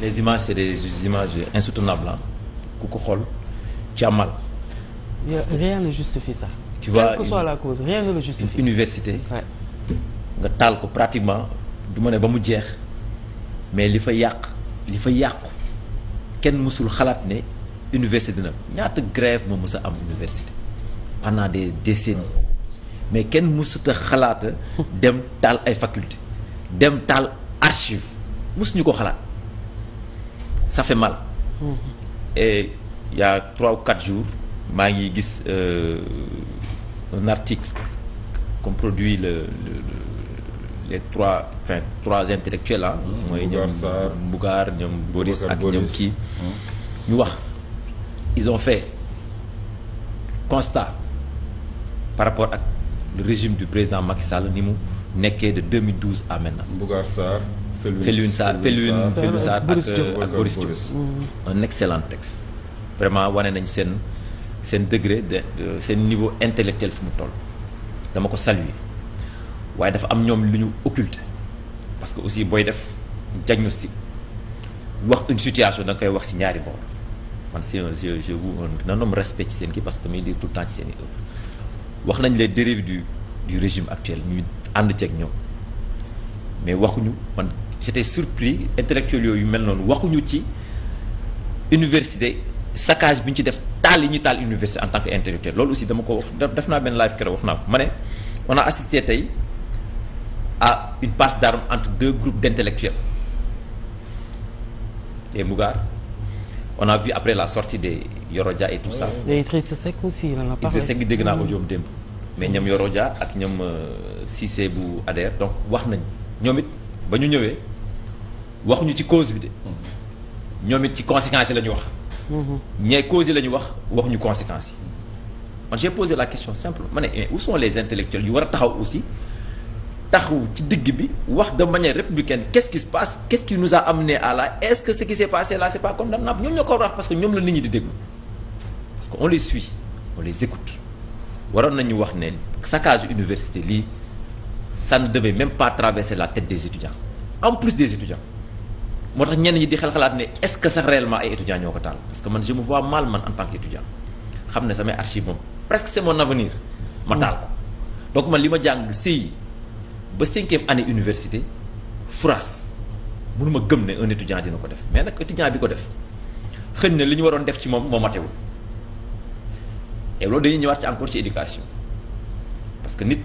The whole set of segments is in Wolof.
les images c'est des images insoutenables ah ku ko xool tu as mal. rien ne justifie ça. tu vois quelle que université. nga taal ko pratiquement du ma ne ba mu jeex mais li fa yàq li fa yàqu kenn mësul xalaat ne université dina ñaata grève moo mos a am université pendant des décennies mais kenn mësuta xalaata dem taal ay faculté dem taal archive mosuñu ko xalaat. ça fait mal. Mm-hmm. et il y a trois ou quatre jours maa ngi gis euh, un article qu'on produit le, le, le les trois enfin trois intellectuels mm-hmm. mooy ñoom Mbougar ñoom Boris ak ñoom kii. Mm-hmm. ñu wax ils ont fait constat par rapport ak le régime du président Macky Sall ni mu nekkee de 2012 à maintenant. Felwine Sarr Felwine Felwine Sarr euh, ak Boris Diop un excellent texte vraiment wane nañ seen seen degré de seen niveau intellectuel fi mu toll dama ko saluer waaye dafa am ñoom lu ñu occulter parce que aussi booy def diagnostic wax une situation da nga koy wax ci ñaari boor man si je je vous un homme respect ci seen kii parce que damay lire tout le temps ci seen i œuvre wax nañ les dérives du du régime actuel ñuy ànd ceeg ñoom mais waxuñu man. j'étais surpris intellectuels yooyu mel noonu waxuñu ci université saccage bi ñu ci def taal yi ñu taal université en tant que intellectuel loolu aussi dama ko wax def naa benn live keroog wax naa ko ma ne on a assisté tey à une passe d'armes entre deux groupes d'intellectuels les Mougar on a vu après la sortie des Yoro Dia et tout ça. mais Idrissa Seck dégg naa ko ñoom démb. mais ñoom Yoro Dia ak ñoom euh, Cissé bu ADR donc wax nañ ñoom it. ba ñu ñëwee waxuñu ci cause bi de ñoom it ci conséquences yi la ñu wax. Mhm. ñee causes yi la ñu wax waxuñu conséquence yi. man j'ai posé la question simple ma ne où sont les intellectuels yu war a taxaw aussi taxaw ci digg bi wax de manière républicaine qu'est-ce qui se passe qu'est-ce qui nous a amené à là est-ce que ce qui s'est passé là c'est pas condamnable ñoom ñoo ko wax parce que ñoom la nit ñi di déglu parce que on les suit on les écoute waroon nañu wax ne saccage université lii. ça ne devait même pas traverser la tête des étudiants en plus des étudiants moo tax ñenn ñi di xel-xalaat ne est-ce que sax réellement ay étudiants ñoo ko taal parce que man je me vois mal man en tant qu'étudiant xam ne samay archive moom presque c'est mon avenir ma taal ko donc man li ma jàng CI ba cinquième année université FRAS ma gëm ne un étudiant dina ko def mais nag étudiant bi ko def xëñ na li ñu waroon def ci moom moom matewul et loolu dañuy ñëwaat ci encore ci parce que nit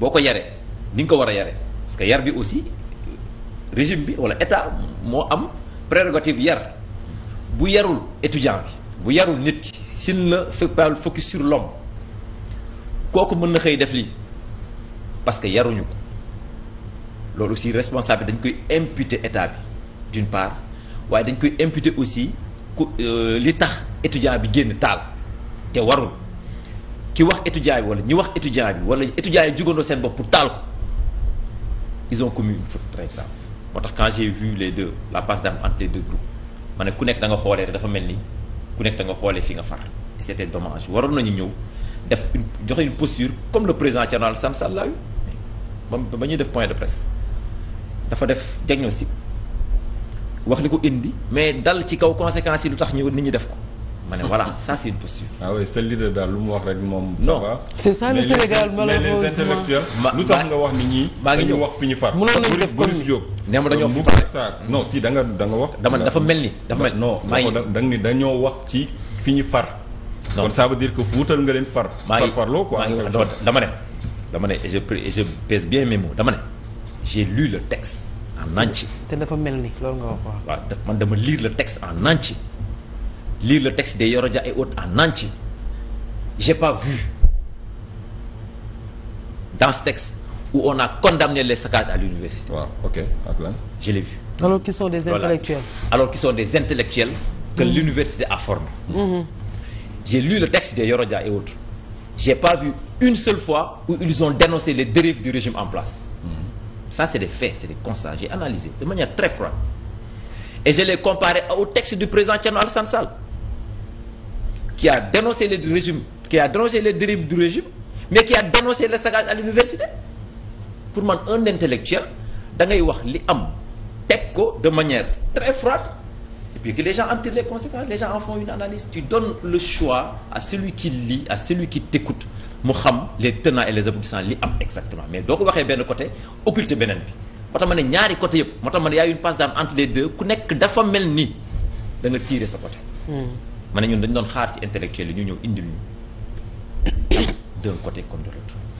boo ko yaree ni nga ko war a yare parce que yar bi aussi régime bi wala état moo am prérogative yar bu yarul étudiant bi bu yarul nit ki s'il ne fait pas focus sur l'homme kooku mën na xëy def lii parce que yaruñu ko loolu si responsable dañ koy imputer état bi d'une part waaye dañ koy imputer aussi ku euh, li tax étudiant bi génn taal te warul ki wax étudiant bi wala ñi wax étudiant bi wala étudiant yi jugandoo seen bopp pour taal ko ison commune commis une faute très grave moo tax quand j'ai vu la passe d'armes entre les deux groupes ma ne ku nekk danga nga xoolee dafa mel ni ku nekk da nga xoolee fi nga far et c'était dommage waroon nañu ñëw def une joxe une posture comme le président Thierno Alassane Sall laa yu ba ba ñuy def point de presse dafa def diagnostic wax li ko indi mais dal ci kaw conséquences yi lu tax ñëw nit ñi def ko ma ne voilà ça c'est une posture. ah oui sa leader daal lu mu wax rek moom. ça va c'est ça le Sénégal malheureusement mais les intellectuels lu tax nga wax nit ñi. maa ngi ñëw wax fi ñu far. mënoon nañu def comme Boris Diop. ma dañoo fi far non si wax. dama dafa mel ni dafa mel maa ngi da nga ni dañoo wax ci fi ñu far. donc kon ça veut dire que wuutal nga leen far. maa ngi farfarloo quoi dama ne. dama ne je je pèse bien mes mots dama ne j'ai lu le texte en entier. te dafa mel ni loolu nga wax waaw. waaw man dama lire le texte en entier lire le texte des Yoro Dia et autres en entier j'ai pas vu dans ce texte où on a condamné les saccages à l'université waaw vu alors qu'ils sont des intellectuels alors qu'ils sont des intellectuels que mm-hmm. l'université a formé mm-hmm. j'ai lu le texte des Yoro Dia et autres j'ai pas vu une seule fois où ils ont dénoncé les dérives du régime en place mmh. ça c'est des faits c'est des constats j'ai analysé de manière très froide et je l'ai comparé au texte du président Thierno qui a dénoncé le régime qui a dénoncé les dérives du régime mais qui a dénoncé le saccage à l'université pour man un intellectuel da ngay wax li am teg ko de manière très froide et puis que les gens en tirent les conséquences les gens en une analyse tu donnes le choix à celui qui lit à celui qui t'écoute mu xam les tenants et les aboutissants li am exactement mais doo ko waxee benn côté occulter beneen bi moo tax ma ne ñaari côté yëpp moo tax man ne y a une passe d'armes entre ku nekk dafa mel ni da nga sa côté hmm. ma ne ñun dañu doon xaar ci intellectuel yi ñu ñëw indil ñu d'un côté comme de l'autre